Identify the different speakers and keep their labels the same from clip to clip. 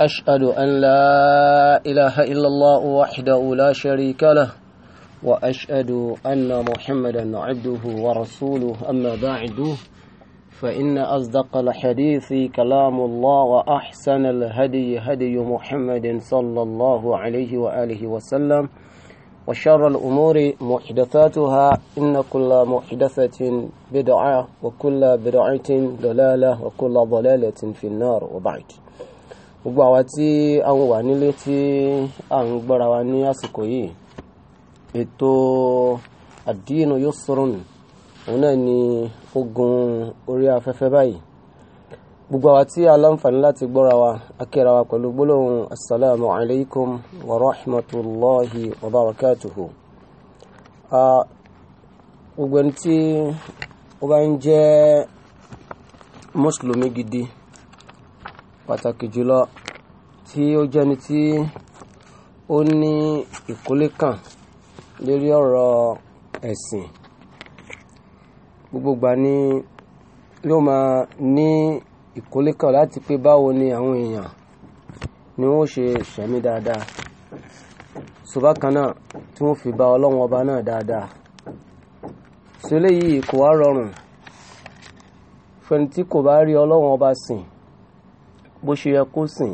Speaker 1: أشهد أن لا إله إلا الله وحده لا شريك له وأشهد أن محمدا عبده ورسوله أما بعد فإن أصدق الحديث كلام الله وأحسن الهدي هدي محمد صلى الله عليه وآله وسلم وشر الأمور محدثاتها إن كل محدثة بدعة وكل بدعة ضلالة وكل ضلالة في النار وبعد gbogbo àwa tí a ń wà nílé tí a ń gbọ́ra wa ní àsìkò yìí ètò àdínú yóò sọ̀rọ̀ nù òun náà ni ogun orí afẹ́fẹ́ báyìí gbogbo àwa tí a láǹfààní láti gbọ́ra wa akéra wa pẹ̀lú gbólóhùn asalaamu alaykum wa rahmatulahi wa barakatuhu gbogbo ẹni tí ó bá ń jẹ́ mùsùlùmí gidi pàtàkì jùlọ tí ó jẹ́ni tí ó ní ìkólé kan lórí ọ̀rọ̀ ẹ̀sìn gbogbo gbà ni yóò máa ní ìkólé kan láti pé báwo ni àwọn èèyàn ni wọ́n ṣe ṣẹ̀mí dáadáa ṣùgbọ́n kan náà tí wọ́n fi bá ọlọ́run ọba náà dáadáa ṣe eléyìí kò wá rọrùn fẹni tí kò bá rí ọlọ́run ọba sìn bó ṣe yẹ kó sìn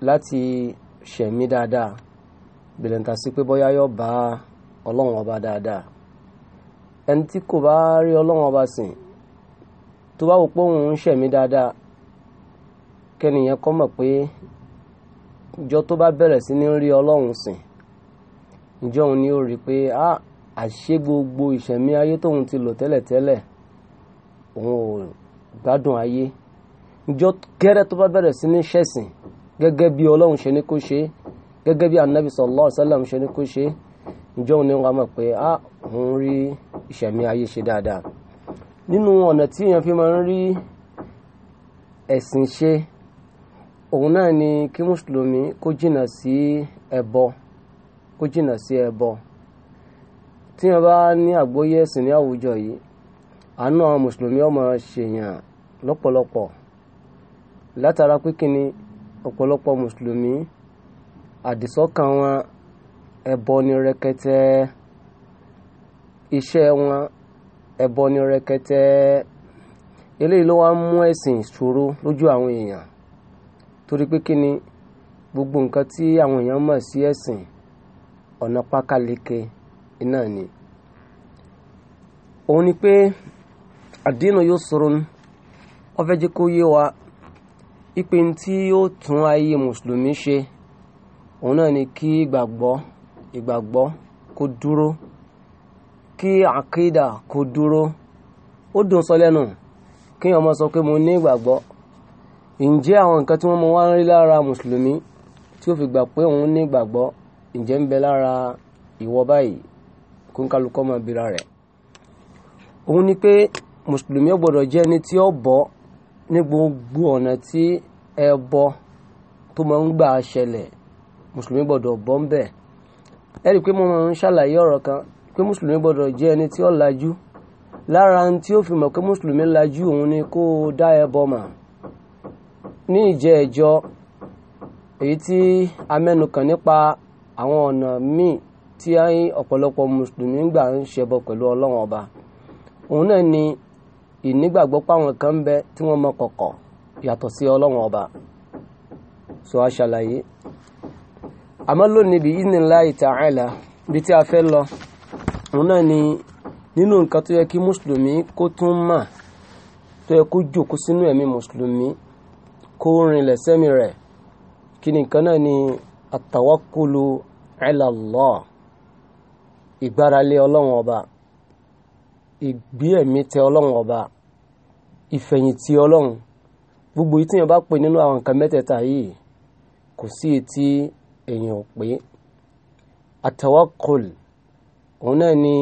Speaker 1: láti ṣẹ̀mí dáadáa bìlẹ̀ǹta sí pé bóyá yóò bá ọlọ́run ọba dáadáa ẹni tí kò bá rí ọlọ́run ọba sìn tó bá wò pé òun ń ṣẹ̀mí dáadáa kẹ́nìyàn kọ́ mọ̀ pé ìjọ tó bá bẹ̀rẹ̀ sí ní rí ọlọ́run sìn ìjọ òun ni ó rí i pé a àṣé gbogbo ìṣẹ̀mí ayé tóun ti lò tẹ́lẹ̀tẹ́lẹ̀ òun ò gbádùn ayé ìjọ kẹrẹ tó bá bẹ̀rẹ̀ sí ní ṣẹ̀sìn gẹ́gẹ́ bí ọlọ́run ṣe ní kó ṣe gẹ́gẹ́ bí anabi sallallahu alaihi wasallam ṣe ní kó ṣe ìjọ òun ni wọn mọ̀ pé a ah, òun rí ìṣẹ̀mí ayé ṣe dáadáa nínú ọ̀nà tí èèyàn fi máa ń rí ẹ̀sìn ṣe òun náà ni kí mùsùlùmí kó jìnnà sí ẹbọ kó jìnnà sí ẹbọ tí wọn bá ní àgbóyé ẹ̀sìn ní àwùjọ yìí àánú àwọn mùsùlùmí ọmọ ṣèyàn lọ́pọ̀lọpọ̀ látara pé kí ni ọ̀pọ̀lọpọ̀ mùsùlùmí àdìsọ́kàn wọn ẹbọ ni rẹkẹtẹ iṣẹ́ wọn ẹbọ ni rẹkẹtẹ eléyìí ló wá mú ẹ̀sìn ìṣòro lójú àwọn èèyàn torí pé kí ni gbogbo nǹkan tí àwọn èèyàn mọ̀ sí ẹ̀sìn ọ̀nà pákáleke iná ni òun ni pé àdínú yusrun ó fẹ́ jẹ́ kó yé wa ipe tí ó tún ayé mùsùlùmí ṣe òun náà ni kí ìgbàgbọ́ ìgbàgbọ́ kó dúró kí àkídà kó dúró ó dùn sọ lẹ́nu kí ọmọ sọ pé mo ní ìgbàgbọ́ ǹjẹ́ àwọn nǹkan tí wọ́n mọ wá ń rí lára mùsùlùmí tí ó fi gbà pé òun ní ìgbàgbọ́ ǹjẹ́ ń bẹ lára ìwọ báyìí kó ń kálukọ́ máa bira rẹ̀ òun ni pé mùsùlùmí ó gbọ́dọ̀ jẹ́ ẹni tí ó bọ́ ní gbogbo ọ̀nà tí ẹbọ tó máa ń gbà ṣẹlẹ̀ mùsùlùmí gbọ́dọ̀ bọ́ ń bẹ̀ ẹ rí i pé mo máa ń ṣàlàyé ọ̀rọ̀ kan pé mùsùlùmí gbọ́dọ̀ jẹ́ ẹni tí ó lajú lára ohun tí ó fi mọ̀ pé mùsùlùmí lajú òun ni kó o dá ẹbọ mọ̀ ní ìjẹ́ ẹ̀jọ́ èyí tí a mẹ́nu kàn nípa àwọn ọ̀nà míì tí ọ̀pọ̀lọpọ̀ mùsùlùmí gbà ń ṣẹbọ pẹ̀lú ọlọ́run ọba òun náà ni ìnígbàgbọ́ páwọn kan ń bẹ tí wọ́n mọ kọ̀kọ̀ yàtọ̀ sí ọlọ́run ọba so a ṣàlàyé àmọ́ lónìí bí idhnillahi ta'ala bí tí a fẹ́ lọ òun náà ni nínú nǹkan tó yẹ kí mùsùlùmí kó tún mà tó yẹ kó jòkó sínú ẹ̀mí mùsùlùmí kó rinlẹ̀ sẹ́mi rẹ̀ kí ni náà ni at-tawakkulu ìgbáralé ọlọ́run ọba ìgbé ẹ̀mí tẹ ọlọ́run ọba ìfẹ̀yìntì ọlọ́run gbogbo yìí tíyàn bá pè nínú àwọn nǹkan mẹ́tẹ̀ẹ̀ta yìí kò sí etí èèyàn ò pé àtẹwákòl òun náà ni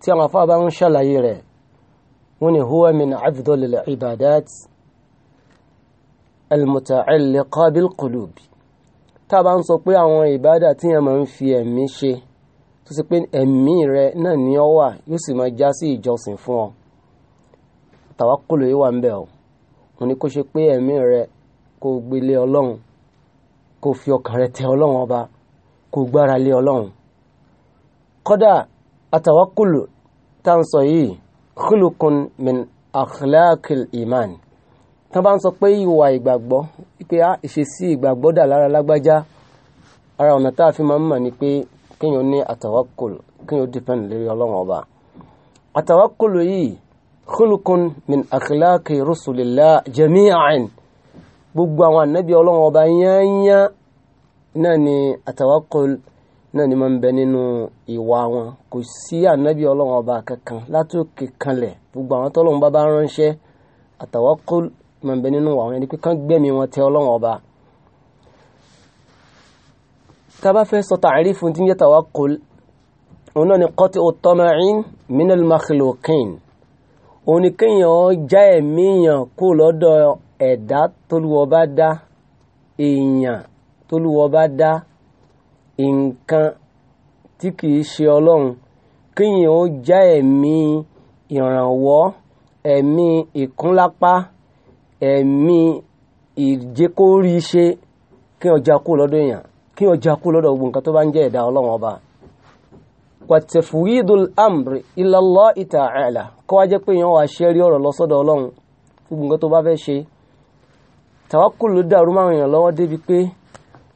Speaker 1: tí àwọn afá bá ń ṣàlàyé rẹ̀ wọ́n ní huwa min afdalil ibadat almuta'alliqa bilqulub tá a bá ń sọ pé àwọn ìbádà tíyàn máa ń fi ẹ̀mí ṣe tó ṣe pé ẹ̀mí rẹ náà ni ọ wà yóò sì máa já sí ìjọsìn fún ọ tàwákùlù yìí wà ń bẹ̀ ọ́ mo ní kó ṣe pé ẹ̀mí rẹ kó gbélé ọlọ́run kó fi ọkàn rẹ tẹ ọlọ́run ọba kó gbára lé ọlọ́run kódà àtàwákùlù tá à sọ yìí khulukun min akhlaqil iman tó bá ń sọ pé ìwà ìgbàgbọ́ pé a ah, ìṣesí ìgbàgbọ́ dà lára lágbájá ara ọ̀nà tá a fi máa ń mọ̀ ni pé kéèyàn ní àtàwákùl kéèyàn dìpẹ́ǹd lórí ọlọ́run ọba àtàwákùl yìí khulukun min akhlaqi rusulillah jami'an gbogbo àwọn ànábì ọlọ́run ọba yányá náà ni àtàwákùl náà ni máa ń bẹ nínú ìwà wọn kò sí ànábì ọlọ́run ọba kankan látòkè kanlẹ̀ gbogbo àwọn tọ́lọ́run bá bá ránṣẹ́ àtàwákùl máa ń bẹ nínú àwọn ẹni pé kán gbẹ̀mí wọn tẹ ọlọ́run tàbá fẹ́ sọ tàrífù tí ń yẹ tawakkul òun náà ni qat'u tama'in minal makhluqin òun ni kéèyàn já ẹ̀mí èèyàn kó lọ́dọ̀ ẹ̀dá tólúwọ́ bá dá èèyàn tólúwọ́ bá dá nǹkan tí kìí ṣe ọlọ́run kéèyàn já ẹ̀mí ìrànwọ́ ẹ̀mí ìkúnlápá ẹ̀mí ìjẹ́kórí kéèyàn já kó lọ́dọ̀ èèyàn kí ọjà kú lọ́dọ̀ ogun kan tó bá ń jẹ́ ẹ̀dá ọlọ́run ọba wàtẹ̀fùwídùl amri ila Allah ta'ala kọ́ wá jẹ́ pé èèyàn wà ṣẹ́rí ọ̀rọ̀ lọ́sọ́dọ̀ ọlọ́run gbogbo nǹkan tó bá fẹ́ ṣe tawakkul ló dàrú máwọn èèyàn lọ́wọ́ débi pé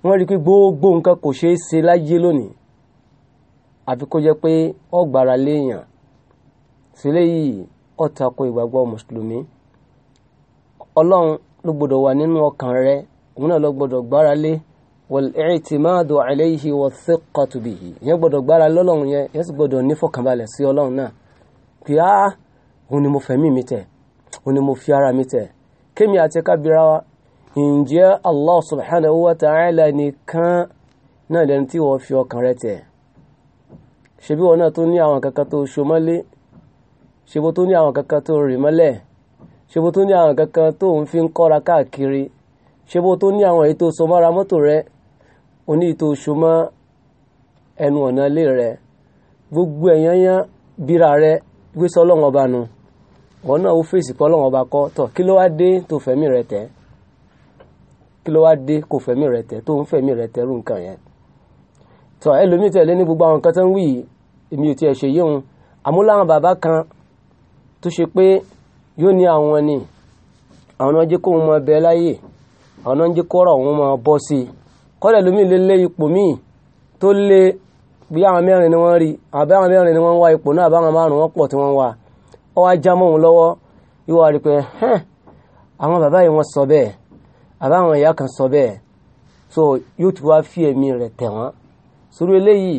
Speaker 1: wọ́n rí pé gbogbo nǹkan kò ṣeé ṣe láyé lónìí àfi kó jẹ́ pé ọgbàrá léèyàn sílé yìí ọ̀tako ìgbàgbọ́ mùsùlùmí ọlọ́run ló gbọ́dọ̀ wà nínú ọkàn rẹ òun náà ló gbọ́dọ̀ gbára lé wal-i'timadu alayhi wat-thiqatu bihi ìyẹn gbọ́dọ̀ gbára lọ́lọ́run yẹn yẹn sì gbọ́dọ̀ nífọ̀kànbalẹ̀ sí ọlọ́run náà pé á ah, òun ni mo fẹ̀mí mi tẹ̀ òun ni mo fi ara mi tẹ̀ kémi àti kábíra wa ǹjẹ́ Allah subhanahu wa ta'ala nìkan náà lẹni tí wọ́n fi ọkàn rẹ tẹ̀ ṣebí wọn náà tó ní àwọn kankan tó so mọ́lé ṣebó tó ní àwọn kankan tó rì mọ́lẹ̀ ṣebó tó ní àwọn kankan tó ń fi kọ́ra káàkiri ṣebó tó ní àwọn èyí tó so mọ́ra mọ́tò rẹ̀ oní ìtò ṣomọ́ ẹnu ọ̀nà ilé rẹ̀ gbogbo ẹ̀yán yán bíra rẹ̀ gbé sọ ọlọ́wọ́n ọba nu wọn náà ó fèsì pé ọlọ́wọ́n ọba kọ́ tọ̀ kí ló wá dé tó fẹ̀mí rẹ̀ tẹ̀ kí ló wá dé kò fẹ̀mí rẹ̀ tẹ̀ tó ń fẹ̀mí rẹ̀ tẹ̀ rú nǹkan yẹn tọ̀ ẹlòmíì tẹ̀lé ní gbogbo àwọn nǹkan tó ń wí èmi ò tiẹ̀ ṣe yíhun àmúláwọn bàbá kan tó ṣe pé yóò ní àwọn ni àwọn náà kó wọn máa bẹ láyè àwọn náà kó ọ̀rọ̀ wọn máa bọ́ sí i kọ́dẹ̀ lómi lè lé ipò míì tó lé bí àwọn mẹ́rin ni wọ́n rí àbí àwọn mẹ́rin ni wọ́n ń wá ipò náà àbáwọn márùn wọ́n pọ̀ tí wọ́n wà ọ wá já mọ́ lọ́wọ́ ìwọ rí pé hẹ́n àwọn bàbá yìí wọ́n sọ bẹ́ẹ̀ àbáwọn ìyá kan sọ bẹ́ẹ̀ so yóò ti wá fi ẹ̀mí rẹ̀ tẹ̀ wọ́n sórí eléyìí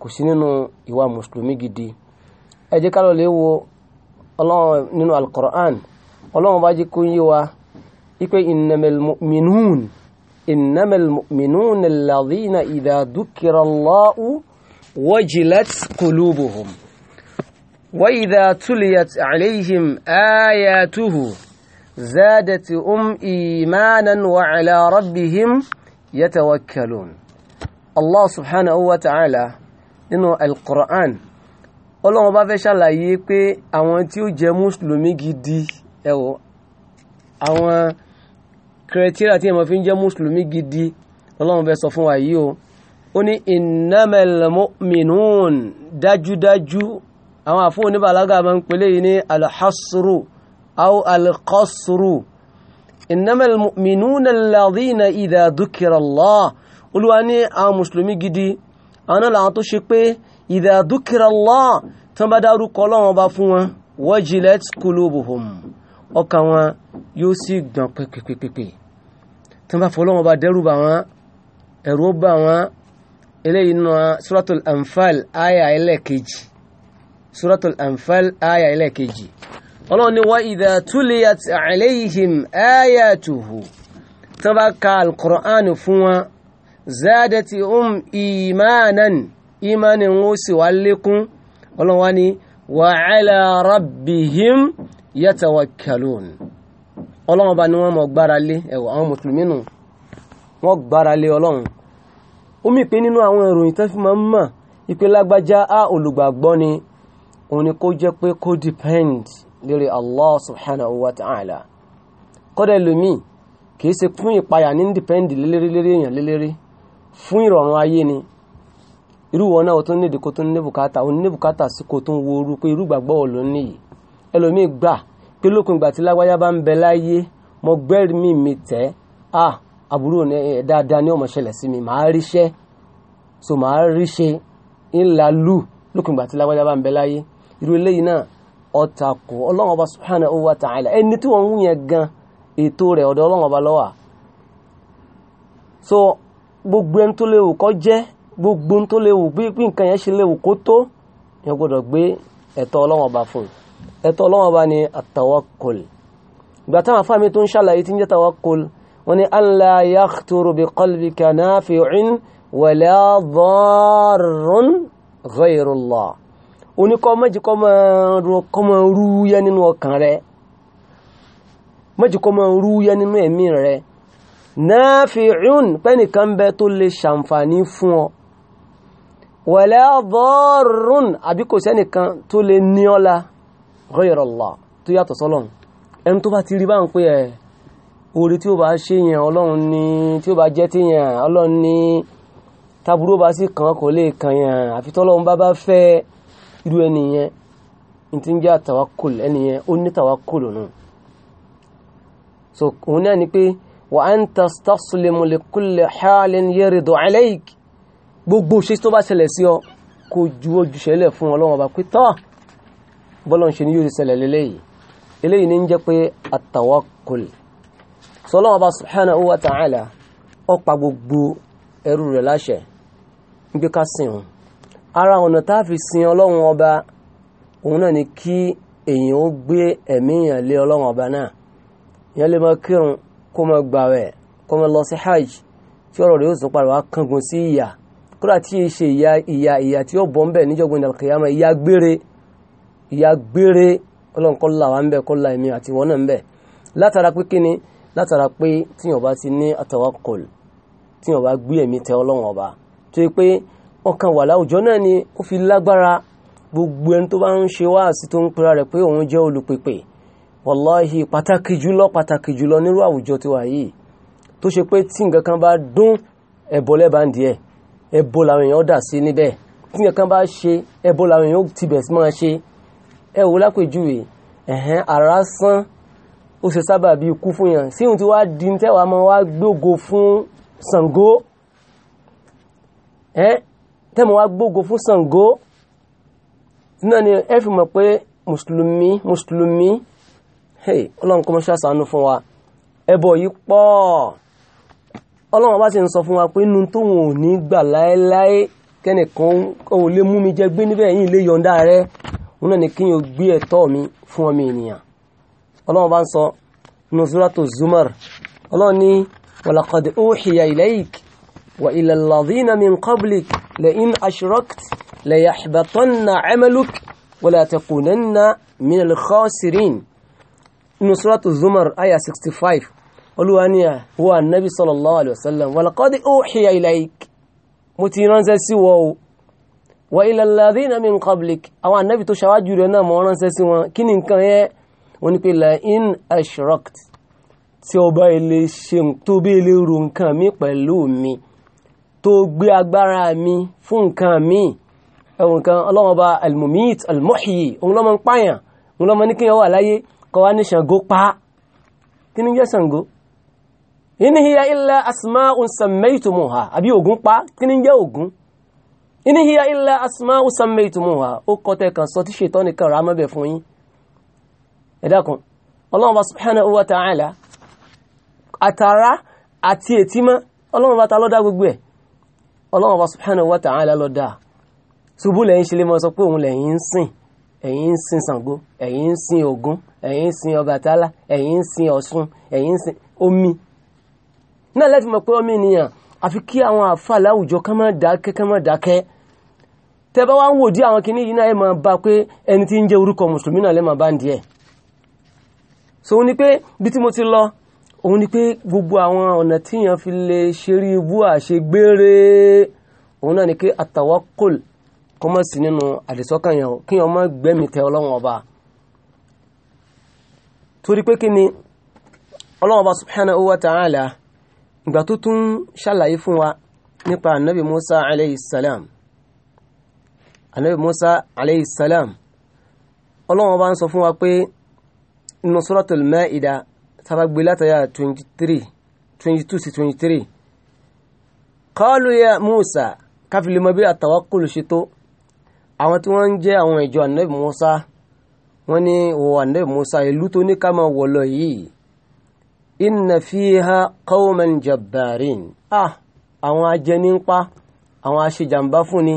Speaker 1: kò sí nínú ìwà mùsùlùmí gidi ẹ jẹ́ ká lọ lè wo ọlọ́run nínú al ọlọ́run bá jẹ́ kó yé wa ipe innamal mu'minun إنما المؤمنون الذين إذا ذكر الله وجلت قلوبهم وإذا تليت عليهم آياته زادتهم إيمانا وعلى ربهم يتوكلون الله سبحانه وتعالى إنه القرآن. ọlọ́run bá fẹ́ ṣàlàyé pé àwọn tí ó jẹ mùsùlùmí gidi ẹ̀wọ̀ àwọn kìrẹ́tìrà tí èèmọ̀ fi ń jẹ́ mùsùlùmí gidi ọlọ́run fẹ́ sọ fún wa yìí o ó ní innamal mu'minun dájúdájú àwọn àfún oníbàlágà máa ń pèlè yìí ní alhassru aw alqasru innamal mu'minuna alladhina idha dhukira Allah olúwa ní àwọn mùsùlùmí gidi àwọn náà làwọn tó ṣe pé idha dhukira tí wọ́n bá dárúkọ ọlọ́run ọba fún wọn wajilat qulubuhum ọkàn wọn yóò sì gbọ̀n pẹpẹpẹpẹ tí wọn bá fọ Ọlọ́run ọba dẹ́rù bà wọn ẹ̀rù ó bà wọn eléyìí nù suratul anfal aya ẹlẹ́ẹ̀kejì suratul anfal aya ẹlẹ́ẹ̀kejì Ọlọ́run ni wa idha tuliyat alayhim ayatuhu tí wọn bá ka alukur'an fún wọn zaadati um imanan imanin wọn sì wá lékún Ọlọ́run ni wa rabbihim yatawakkalun ọlọ́run ọba ni wọ́n mọ̀ gbára lé ẹ̀wọ̀ àwọn mùsùlùmí nù wọ́n gbára lé ọlọ́run ó mì pé nínú àwọn ìròyìn tó fi máa ń mọ̀ ìpè lágbájá á ni òun ni kó jẹ́ pé kó depend lórí Allah subhanahu wa ta'ala kódà lómi kìí ṣe fún ìpayà ní depend lélẹ́rí lérí èèyàn lélẹ́rí fún ìrọ̀rùn ayé ni irú wọn náà tó ní ìdíkó tó ní bùkátà ó ní bùkátà sí kó tó wo orú pé irú gbàgbọ́ ló ní yìí ẹlòmíì gbà pé lókun ìgbà tí lágbájá bá ń bẹ láyé mo gbẹ́rì mi mi tẹ́ à àbúrò ní ẹ̀ dáadáa ní ọmọ ṣẹlẹ̀ sí mi màá ríṣẹ́ so màá ríṣẹ́ ńlá lù lókun ìgbà tí lágbájá bá ń bẹ láyé irú eléyìí náà ọ̀tà kù ọlọ́run ọba subhanahu wa ta'ala ẹni tí wọ́n ń yẹn gan ètò rẹ̀ ọ̀dọ̀ ọlọ́run ọba ló so gbogbo ẹni tó léwu kọ́ jẹ́ gbogbo ẹni tó léwu bí nǹkan yẹn ṣe léwu kó tó yẹn gbọ́dọ̀ gbé ẹ̀tọ́ ọlọ́run ọba fún un ẹ̀tọ́ ọlọ́wọ́n bá ní àtàwọ́kùl ìgbà táwọn afáàmì tó ń ṣàlàyé tí ń jẹ́ tàwọ́kùl wọ́n ní allá yàtúrù bí kọlbì kanáfíìn wàlá dọ́rùn ghayrùlá oníkọ́ méjì kọ́ máa rúyẹ́ nínú ọkàn rẹ̀ méjì kọ́ máa rúyẹ́ nínú ẹ̀mí pẹ́nìkan bẹ́ tó lè ṣàǹfààní fún ọ wàlá dọ́rùn àbíkò sẹ́nìkan tó lè ní ọ́la ghayra Allah tó yàtọ̀ sọ́lọ́n ẹni tó bá ti rí bá ń pé ẹ orí tí ó bá ṣe yẹn ọlọ́run ní tí ó bá jẹ́ ti yẹn ọlọ́run ní taburú bá sì kàn kò lè kàn yẹn àfi tọ́lọ́run bá bá fẹ́ irú ẹni yẹn ní ti ń jẹ́ àtàwákùl ẹni yẹn ó ní tàwákùl nù. so òun náà ni pé wa an tastaslimu li kulli halin yaridu alayk gbogbo ṣe tó bá ṣẹlẹ̀ sí ọ kó ju ojúṣe fún ọlọ́run ọba pé tán bọ́lọ̀ ṣe ni yóò ṣẹlẹ̀ lélẹ́yìí eléyìí ni ń jẹ́ pé àtàwákùl sọlọ́wọ́ bá subhanahu ta'ala ọpa gbogbo ẹrú rẹ̀ láṣẹ gbé ká ara ọ̀nà tá a fi sin ọlọ́run ọba òun náà ni kí èèyàn ó gbé ẹ̀mí èèyàn lé ọlọ́run ọba náà èèyàn lè kírun kó hajj tí ọ̀rọ̀ rẹ̀ yóò sún padà wá kángun sí ìyà kódà tí ì ṣe ìyà ìyà ìyà tí ó ń bẹ̀ ìyá gbére ọlọ́nkọ́lá wa ń bẹ̀ kọ́lá èmi àti ìwọ náà ń bẹ̀ látara pé kíni látara pé tíyàn bá ti ní àtàwákọ̀l tíyàn bá gbé ẹ̀mí tẹ ọlọ́wọ̀n ọba tó yẹ pé ọkàn wà láwùjọ náà ni ó fi lágbára gbogbo ẹni tó bá ń ṣe wáàsí tó ń pera rẹ̀ pé òun jẹ́ olùpèpè wàláhì pàtàkì jùlọ pàtàkì jùlọ nírú àwùjọ tiwa yìí tó ṣe pé tí nǹkan kan bá dún ẹbọ lẹ́bàá ń díẹ̀ ẹbọ làwọn èèyàn dà sí níbẹ̀ tí nǹkan kan bá ṣe ẹbọ làwọn èèyàn tibẹ̀ máa ṣe ẹ wò lápèjúwe ẹ̀hẹ́n ara sán ó ṣe sábà bí ikú fún yàn sí ohun tí wá di tẹ́wàá mọ́ wá gbógo fún Ṣàngó ẹ́ tẹ́mọ̀ wá gbógo fún Ṣàngó náà ni ẹ fi mọ̀ pé mùsùlùmí mùsùlùmí hey ọlọ́run kọ́ mọ́ṣá sànú fún wa ẹbọ yìí pọ̀ ọlọ́run bá ti ń sọ fún wa pé inú tó wọn ò ní gbà wọn náà ni kí n yóò gbé ẹ̀tọ́ mi fún ọmọ ènìyàn ọlọ́run bá ń sọ nínú suratu zumar ọlọ́run ní walaqad uhiya ilayk wa ila alladhina min qablik la in ashrakt la yahbatanna amaluk wa la takunanna min nínú suratu zumar aya 65 olúwa ní huwa nabi sallallahu alayhi wa sallam walaqad uhiya ilayk mo ti ránṣẹ́ sí wọ́n wa ila alladhina min qablik àwọn ànábì tó ṣáwájú rẹ̀ náà mọ̀ ránṣẹ́ sí wọn kí ni nǹkan yẹ wọn ni pé la in ashrakt tí ọba ilé ṣe tó bí ilé ru nǹkan mi pẹ̀lú mi tó gbé agbára mi fún nǹkan mi ẹ̀wọ̀n kan ọlọ́wọ́n almumit almuhyi òun lọ́mọ ń pààyàn òun lọ́mọ ní kí wà láyé kọ́ wá ní ṣàngó pa kí ni jẹ́ ṣàngó in hiya illa asma'un sammaytumuha àbí ògún pa kí ni jẹ́ ògún in ya ila asma'u sammaytumuha ó kọ́tẹ́ kan sọ tí ṣètọ́ nìkan rà mọ́bẹ̀ fún yín ẹ̀dàkùn ọlọ́run bá subhanahu wa ta'ala àtàrà àti ètímọ́ ọlọ́run bá ta lọ́dá gbogbo ẹ̀ ọlọ́run bá subhanahu wa ta'ala lọ́dá sin sango sin sin sin àfi kí àwọn àfà láwùjọ kán máa dákẹ́ kán máa dákẹ́ tẹ́ bá wá ń wòdí àwọn kìíní yìí náà ẹ máa bá pé ẹni tí ń jẹ́ orúkọ mùsùlùmí náà lẹ́ máa bá ń díẹ̀ so ó ní pé bí tí mo ti lọ òun ni pé gbogbo àwọn ọ̀nà tí èèyàn fi lè ṣeré ibú àṣegbére òun náà ni pé àtàwákòl kọ́ mọ́ sí nínú àdìsọ́kàn yẹn kí èèyàn má gbẹ́mí tẹ ọlọ́run ọba torí pé kí ni ọlọ́run ọba subhanahu wa ta'ala ìgbà tó tún ṣàlàyé fún wa nípa anabi musa alayhi salam anabi musa alayhi salam ọlọ́wọ́n bá ń sọ fún wa pé nínú suratul maida sábàgbé látàyà 23 22 sí 23 qalu ya musa káfílímọ́ bí àtàwákùlù ṣe tó àwọn tí wọ́n ń jẹ́ àwọn ìjọ anabi musa wọ́n ní wọ anabi musa ìlú tó ní ká máa wọ̀ lọ yìí inna fiha qauman jabbarin ah àwọn ajẹnipa àwọn aṣejàmbá fún ni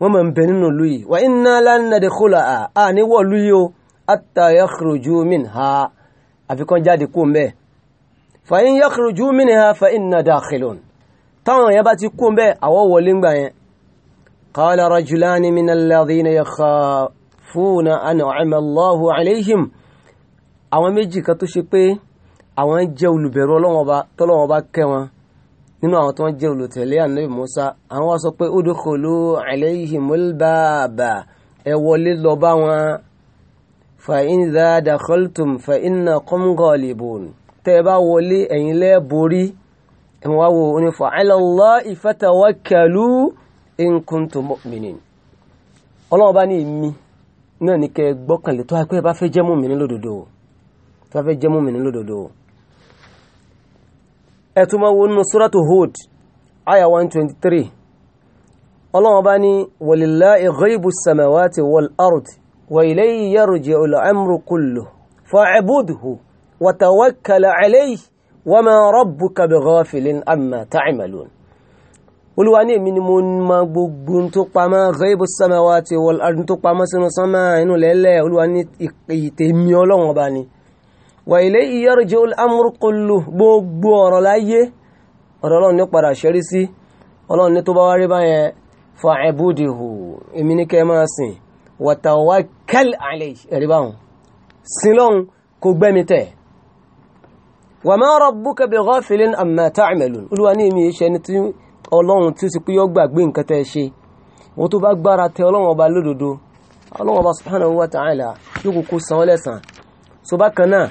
Speaker 1: wọ́n mọ̀ ń bẹ nínú ìlú yìí wa inna lan nadkhulaha à ní wọ̀lú yìí o hatta yakhruju minha àfikún jáde kó mẹ́ fa in yakhruju minha fa inna dakhilun táwọn yẹn bá ti kó mẹ́ àwọ̀ wọlé ń yẹn qala rajulani min alladhina yakhafuna an'ama Allahu alayhim àwọn méjì kan tó ṣe pé àwọn jẹ́ olùbẹ̀rù ọlọ́wọ́ba tọ́lọ́wọ́ba kẹ́ wọn nínú àwọn tó wọ́n jẹ́ olùtẹ̀lé ànábì Musa àwọn wá sọ pé udkhulu alayhimul baba ẹ wọlé lọ bá wọn fa in za dakhaltum fa innakum ghalibun tẹ́ ẹ bá wọlé ẹ̀yin lẹ́ borí ẹ wá wo ní fa ala Allahi fatawakkalu in kuntum ọlọ́wọ́ba ní ìmí náà ní kẹ́ gbọ́kànlé tó wá pé ẹ bá fẹ́ jẹ́ mùmínì lódodo tó wá fẹ́ jẹ́ mùmínì lódodo ẹ̀tún máa wọnú suratu Hud aya 123 ọlọ́wọ́ bá ní walillahi ghaibu samawati wal ard wa ilayhi yarji'ul amru kulluhu fa'budhu wa tawakkal alayhi wa ma rabbuka bighafilin amma ta'malun olúwa ní èmi ni mo ma gbogbo tó pamọ́ ghaibu samawati wal ard tó pamọ́ sínú sánmà inú lẹ́lẹ̀ olúwa ní ìtẹ̀mí ọlọ́wọ́ bá ní wà ilé ìyẹ́rìjẹ́ amúrúkọlù gbogbo ọ̀rọ̀ láyé ọ̀rọ̀ ọlọ́run ní padà ṣẹ́rí sí ọlọ́run ní tó bá wárí báyẹn fa ẹ̀bùdìhù èmi ní kẹ́ máa sìn watawakkal alayhi ẹ̀rí báwọn sin lọ́hun kò gbẹ́mi tẹ̀ wa ma rabbuka bighafilin amma ta'malun olúwa ní èmi ìṣẹ́ ní ọlọ́run tí ó ti pé yọ gbàgbé nǹkan tẹ́ ṣe wọ́n tó bá gbára tẹ ọlọ́run ọba lódodo ọlọ́run ọba subhanahu wa ta'ala yóò kókó san lẹ́sàn-án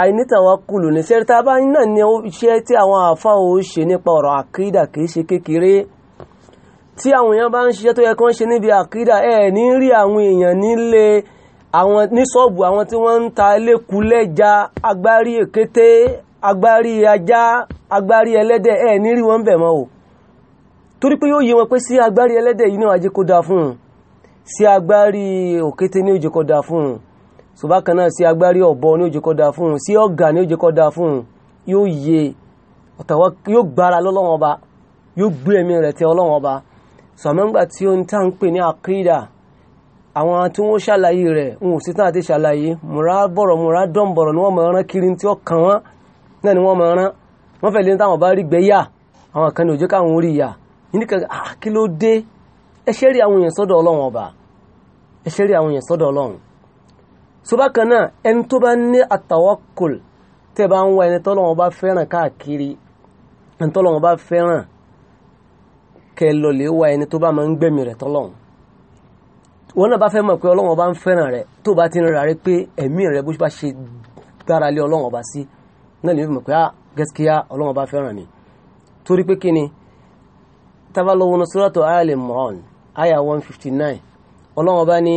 Speaker 1: àìnítàwákùlù ní sẹ́rí tá a bá náà ní iṣẹ́ tí àwọn àfa ò ṣe nípa ọ̀rọ̀ àkídà kìí ṣe kékeré tí àwọn èèyàn bá ń ṣiṣẹ́ tó yẹ kí wọ́n ṣe níbi àkídà ẹ̀ ní rí àwọn èèyàn nílé àwọn ní ṣọ́ọ̀bù àwọn tí wọ́n ń ta lẹ́kulẹ́ja agbárí èkété agbárí ajá agbárí ẹlẹ́dẹ̀ ẹ̀ ní rí wọn bẹ̀ mọ́ o torí pé yóò yí wọn pé sí agbárí ẹlẹ́dẹ̀ yìí ní ó fún un sí agbárí òkété ní ó fún un ṣùgbọ́n kan náà sí agbárí ọ̀bọ ní òjò kọ́dá fún un sí ọ̀gà ní òjò kọ́dá fún un yóò yẹ ọ̀tàwọ́ yóò gbára lọ́lọ́wọ́n ọba yóò gbé ẹ̀mí rẹ̀ tẹ ọlọ́wọ́n ọba sọ̀mọ́ngbà tí ó ń tà ń pè ní àkídà àwọn tí wọ́n ṣàlàyé rẹ̀ ń wò sítán àti ṣàlàyé múra bọ̀rọ̀ múra dọ̀nbọ̀rọ̀ ni wọ́n mọ̀ ọ́rán kiri tí ó kàn wọ́n náà ni wọ́n mọ̀ ọ́rán wọ́n fẹ̀ lé ní táwọn bá rí gbẹ́ yà àwọn kan ní òjò káwọn orí yà níkan àkílódé ẹ ṣẹ́rí àwọn èèyàn sọ́dọ̀ ọlọ́run ọba ẹ ṣẹ́rí àwọn èèyàn sọ́dọ̀ ọlọ́run sọ́bákan náà ẹni tó bá ní àtàwọ́kùl tẹ́ bá ń wá ẹni tọ́lọ́wọ́n bá fẹ́ràn káàkiri ẹni tọ́lọ́wọ́n bá fẹ́ràn kẹ lọ lè wá ẹni tó bá máa ń gbẹ̀mí rẹ̀ tọ́lọ́wọ́n wọn náà bá fẹ́ mọ̀ pé ọlọ́wọ́n bá ń fẹ́ràn rẹ̀ tó bá ti ń ra rẹ̀ pé ẹ̀mí rẹ̀ bó bá ṣe gbára lé ọlọ́wọ́n bá sí náà lè fi mọ̀ pé á ah, gẹ́sìkíyá ọlọ́wọ́n bá fẹ́ràn mi torí pé kí ni tábà lọ́wọ́n sọ́rọ́tọ̀ ayàlẹ̀ mọ́ọ̀n ayà 159 ọlọ́wọ́n bá ní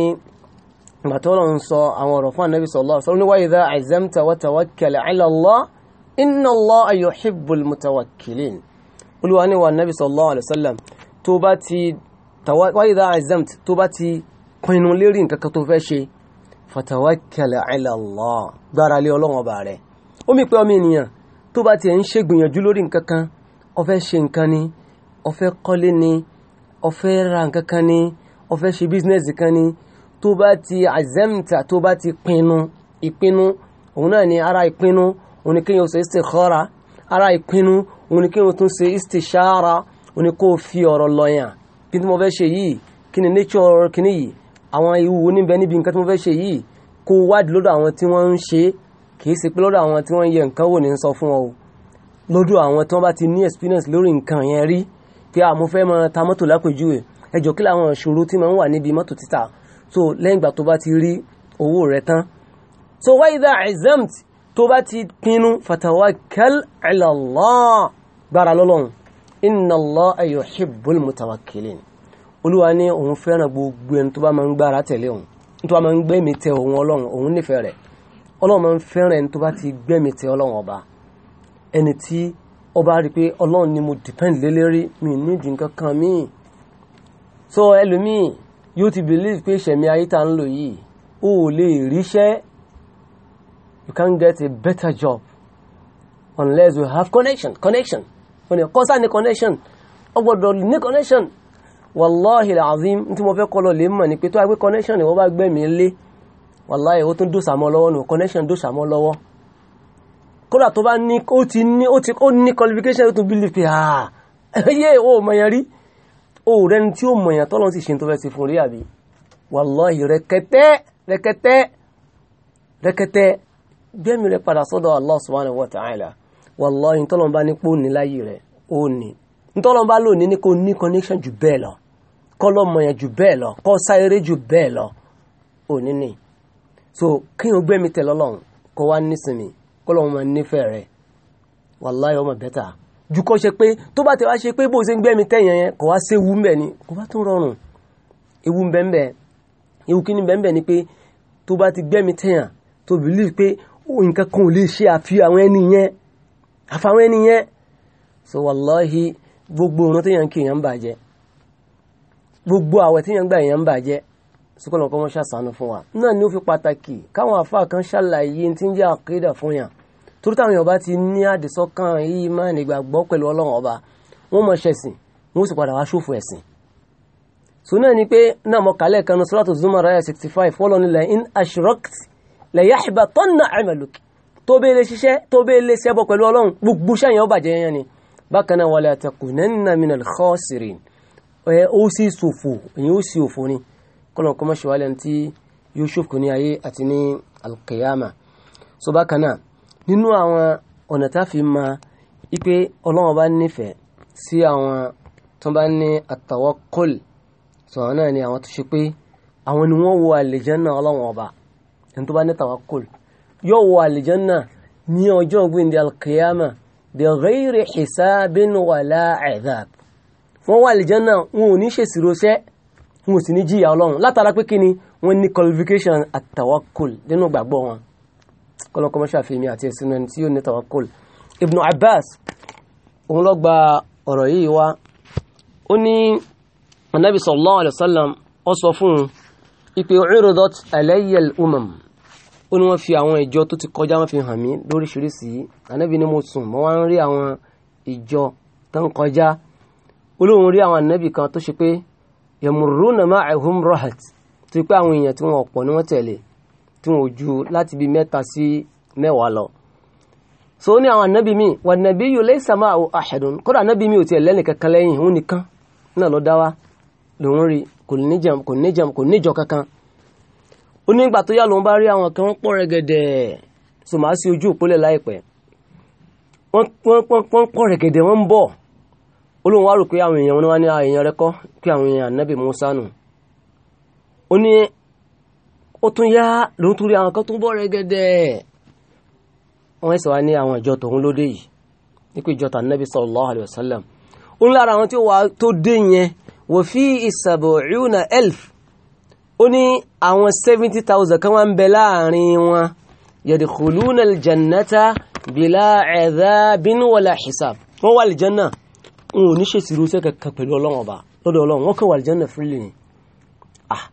Speaker 1: gbàtọ́lọ̀ ń sọ àwọn ọ̀rọ̀ fún ànábì sallallahu alaihi wasallam wa idha azamta wa tawakkal ala Allah inna Allah yuhibbul mutawakkilin olúwa ní wa ànábì sallallahu alaihi wasallam tó bá ti wa idha azamta tó bá ti pinnu lérí nǹkan kan tó fẹ́ ṣe fatawakkal ala gbára lé ọlọ́run ọba rẹ̀ ó pé ọmọ ènìyàn tó bá ti ń ṣe gbìyànjú lórí nǹkan kan ṣe nǹkan ni ó kọ́lé ni ó ra nǹkan ni ó ṣe bísínẹ́sì tó bá ti azamta tó bá ti pinnu ìpinnu òun náà ni ara ìpinnu òun ni kéèyàn ṣe istikhara ara ìpinnu òun ni kéèyàn tún ṣe istishara òun ni kó fi ọ̀rọ̀ lọ́yàn kí ni mo fẹ́ ṣe yìí kí ni nature kí ni yìí àwọn ìwú oníbẹ̀ níbi nǹkan tí mo fẹ́ ṣe yìí kó wádìí lọ́dọ̀ àwọn tí wọ́n ń ṣe kìí ṣe pé lọ́dọ̀ àwọn tí wọ́n yẹ nǹkan wò ní sọ fún ọ lọ́dọ̀ àwọn tí wọ́n bá ti ní experience lórí nǹkan yẹn rí pé àmọ́ fẹ́ máa ta mọ́tò lápèjúwe ẹjọ́ kí làwọn ìṣòro tí máa ń wà níbi mọ́tò títà so lẹ́yìn ìgbà tó bá ti rí owó rẹ tán so wa idha azamt tó bá ti pinnu fatawakkal ala Allah gbára lọ́lọ́run inna Allaha yuhibbul mutawakkilin olúwa ní òun fẹ́ràn gbogbo ẹni tó bá máa ń gbára tẹ̀lé òun tó bá máa ń gbẹ́mí tẹ òun ọlọ́run òun nífẹ̀ẹ́ rẹ̀ ọlọ́run máa ń fẹ́ràn ẹni tó bá ti gbẹ́mí tẹ ọlọ́run ọba ẹni tí ọba rí pé ọlọ́run ni mo depend lé lérí mi nídìí nǹkan kan míì so ẹlòmíì yóò ti believe pé ìṣẹ̀mí ayé tá ń lò yìí ó lè ríṣẹ́ you can get a better job unless you have connection connection wọ́n ni kọ́sá ní connection ọgbọ́dọ̀ ní connection wàláhì làzim tí mo fẹ́ kọ́ lọ lè mọ̀ ní pé tó agbé connection ni wọ́n bá gbẹ̀mí lé wàláhì ó tún dòsàmọ́ lọ́wọ́ nù connection dòsàmọ́ lọ́wọ́ kódà tó bá ní ó ti ní ó ní qualification ó tún believe pé ah ẹ̀yẹ́ ò mọ̀yàn rí ó rẹ ní tí ó mọ̀ èèyàn tọ́lọ́ sì ṣe tó fẹ́ ṣe fún orí àbí wàláhì rẹ̀kẹ̀tẹ́ rẹ̀kẹ̀tẹ́ rẹ̀kẹ̀tẹ́ gbẹ́mi rẹ̀ padà sọ́dọ̀ Allah subhanahu wa ta'ala wàláhì tọ́lọ́ bá ní pé ó ní láyé rẹ̀ ó ní tọ́lọ́ bá lò ní ní kò ní connection jù bẹ́ẹ̀ lọ kọ́ lọ́mọ yẹn jù bẹ́ẹ̀ lọ kọ́ sáyẹ́rẹ́ jù bẹ́ẹ̀ lọ ò ní ní so kí n gbẹ́mi tẹ̀ lọ́lọ́run kọ́ wá nísìnyí kọ́ lọ́mọ nífẹ̀ẹ́ rẹ̀ wàláhì ọmọ bẹ́tà jùkọ́ ṣe pé tó bá tẹ̀wá ṣe pé bó ṣe ń gbẹ́mi tẹ̀yàn yẹn kò wá sí ewu mbẹ̀ ni kò bá tún rọrùn ewu mbẹ̀mbẹ̀ ewu kí ni mbẹ̀mbẹ̀ ni pé tó bá ti gbẹ́mi tẹ̀yàn tó bìlí pé nǹkan kan ò lè ṣe àfi àwọn ẹni yẹn àfa àwọn ẹni yẹn so wàláhi gbogbo òrùn téèyàn kì èèyàn ń bàjẹ́ gbogbo àwẹ̀ téèyàn gbà èèyàn ń bàjẹ́ sukọ́lọ̀ kọ́ ṣàṣàánú fún wa náà ni ó fi pàtàkì káwọn àfa kan ṣàlàyé ti ń jẹ́ àkídà fún yàn torí táwọn èèyàn bá ti ní àdìsọ́kàn yìí máa ní gbàgbọ́ pẹ̀lú ọlọ́run ọba wọ́n mọ̀ ṣẹ̀sìn wọ́n sì padà wá ṣòfò ẹ̀sìn. sọ náà ni pé náà mọ kálẹ̀ kanu suratu zumar ayah sixty five fọlọ́ ni lẹ́yìn ashrakt la yahbatanna amaluk tó bẹ́ẹ̀ lè ṣiṣẹ́ tó bẹ́ẹ̀ lè ṣẹ́bọ̀ pẹ̀lú ọlọ́run gbogbo sẹ́yìn ọba jẹ́ yẹn ni bákan náà wala bákan náà nínú àwọn ọ̀nà tá a fi ma ipe ọlọ́wọ́n bá nífẹ̀ẹ́ sí àwọn tó bá ní at-tawakkul sọ̀rọ̀ náà ni àwọn tó ṣe pé àwọn ni wọ́n wọ àlìjánná ọlọ́wọ́n ọba ẹni tó bá ní tawakkul yóò wọ àlìjánná ní ọjọ́ ògbìndì al-qiyama bi ghayri hisabin wala adhab wọ́n wọ àlìjánná wọn ò ní ṣèṣirò ṣẹ́ wọn ò sì ní jìyà ọlọ́run látara pé kíni wọ́n ní qualification at-tawakkul nínú gbàgbọ́ wọn kọ́lọ́kọ́ mọ́ṣá fi mi àti ẹ̀sìn ẹni tí yóò ní tawakkul Ibn Abbas òun ló gba ọ̀rọ̀ yìí wá ó ní anabi sallallahu alayhi wa sallam ó sọ fún un ìpè uridat alayya al-umam ó ní wọ́n fi àwọn ìjọ tó ti kọjá wọ́n fi hàn mí lóríṣiríṣi anabi ni mo sùn mo wá rí àwọn ìjọ kan tó ṣe pé yamurruna ma'ahum rahat tó ṣe pé àwọn èèyàn tí wọn ọ̀pọ̀ ni wọ́n tẹ̀lé tí wọn ò ju láti bí mẹ́ta sí mẹ́wàá lọ so ní àwọn anabi mi wà nàbí yóò lé sàmà àwọn àhẹdùn kódà anabi mi ò tiẹ̀ lẹ́nu kankan lẹ́yìn òun nìkan náà lọ dá wa lòun rí kò ní jàm kò ní jàm kò níjọ kankan ó ní ìgbà tó yá lòun bá rí àwọn kan ń pọ̀ rẹ̀gẹ̀dẹ̀ so màá sí ojú òpólẹ̀ láìpẹ́ wọ́n pọ̀ rẹ̀gẹ̀dẹ̀ wọ́n ń bọ̀ olóhùn wá rò pé àwọn èèyàn wọn wá ní àwọn ah, èèyàn rẹ kọ́ pé àwọn èèyàn anabi Musa nù ó ní ó tún yá lóun tún rí àwọn kan tó ń bọ̀ rẹ́gẹ́dẹ́ wọ́n ẹ̀sẹ̀ wá ní àwọn ìjọ tòun lóde yìí nípa ìjọ tàn Nabi sallallahu alayhi wa sallam ó ń lára àwọn tí ó wà tó dé yẹn wò fí sab'una elf ó ní àwọn seventy thousand kan wá ń bẹ láàrin wọn yadkhuluna al-jannata bila 'adhabin wala hisab wọ́n wà al-janna wọn ò ní ṣèṣirò sẹ́kẹ̀kẹ̀ pẹ̀lú ọlọ́wọ́n ọba lọ́dọ̀ ọlọ́wọ́n wọn kàn wà al-janna freely ni ah,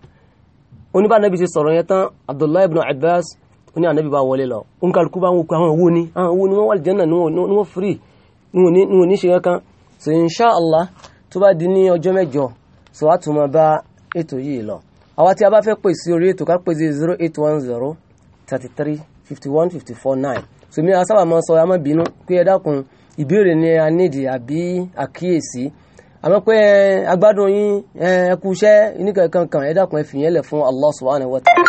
Speaker 1: oníbà anabi ti sọ̀rọ̀ yẹn tán abdullahi ibn abbas oní anabi bá wọlé lọ onkaluku bá ń wò pé àwọn owó ni àwọn owó ni wọ́n wà lè jẹ́nà ni wọ́n firi ni wọ́n ní ṣe kankan so insha allah tó bá di ní ọjọ́ mẹ́jọ so a tún máa bá ètò yìí lọ àwa tí a bá fẹ́ pè sí orí ètò ká pè sí zero eight one zero thirty three fifty one fifty four nine so mi àsábà máa sọ ẹ má bínú pé ẹ dákun ìbéèrè ni a nídìí àbí àkíyèsí. àmọ́ pé agbádùn yín ẹkú iṣẹ́ oníkankankan ẹ dákun ẹ fìyẹn lẹ̀ fún Allah subhanahu wa ta'ala.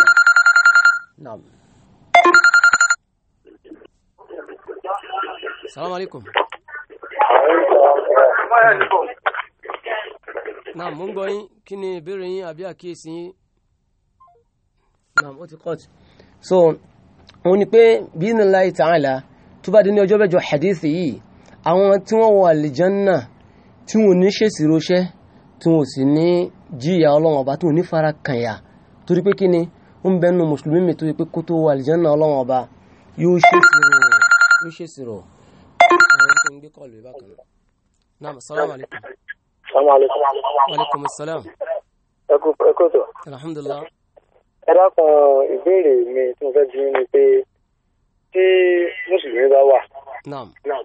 Speaker 1: naam ni ìbéèrè yín àbí àkíyèsí yín. naam ó ti so òun ni pé bíi nílá ta'ala tó bá di ní ọjọ́ bẹ́jọ tí wọn ò ní ṣèṣirò iṣẹ́ tí wọn ò sì ní jíyà ọlọ́wọ́n ọba tí wọn ò ní fara kànyà torí pé kí ni ń bẹnu mùsùlùmí mi tó yẹ pé kó tó wà àlìjánná ọlọ́wọ́n ọba yóò ṣèṣirò yóò ṣèṣirò. naam salaamu alaykum. salaamu alaykum. waaleykum salaam. ẹ kú ẹ kú tó. alhamdulilah. ẹ dákun ìbéèrè mi tí mo fẹ́ bí ni pé tí mùsùlùmí bá wà. naam. naam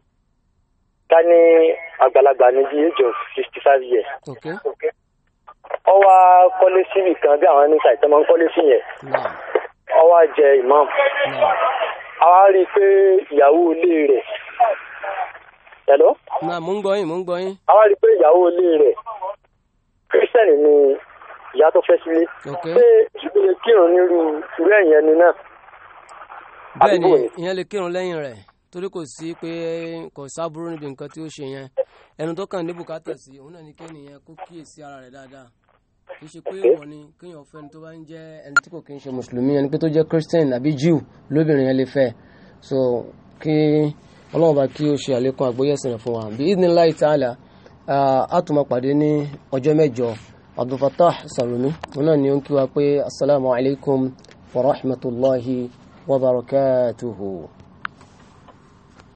Speaker 1: ká ní àgbàlagbà ní bíi age of sixty five years. ó wá kọ́lé síbì kan bí àwọn ẹni ṣàìtàn máa ń kọ́lé sí yẹn hmm. ó wá jẹ imam àwa hmm. rí i pé ìyàwó ilé rẹ̀ hello. máa mú ń gbọ́ yín mú ń gbọ́ yín. àwa rí i pé ìyàwó ilé rẹ̀ kírísítẹ̀nì ni ìyá tó fẹ́ sílé. pé ìṣúgbọ́n lè kírun nírú irú ẹ̀yẹn ni náà. bẹ́ẹ̀ ni ìyẹn lè kírun lẹ́yìn rẹ̀ torí kò sí pé kò sábúrú níbi nǹkan tí ó ṣe yẹn ẹnu tó kàn ní bùkátà sí òun náà ni kí ènìyàn kó kíyèsí ara rẹ̀ dáadáa kì í ṣe pé ìwọ ni kéèyàn fẹ́ ẹni tó bá ń jẹ́ ẹni tí kò kí ń ṣe mùsùlùmí ẹni pé tó jẹ́ christian àbí jew lóbìnrin yẹn lè fẹ́ so kí ọlọ́run bá kí ó ṣe àlékún àgbóyẹ̀sìn rẹ̀ fún wa bí idnillahi ta'ala a tún máa pàdé ní ọjọ́ mẹ́jọ abdulfatah salumi òun náà ni ó ń kí wa pé asalaamualeykum wa rahmatulahi wa barakatuhu.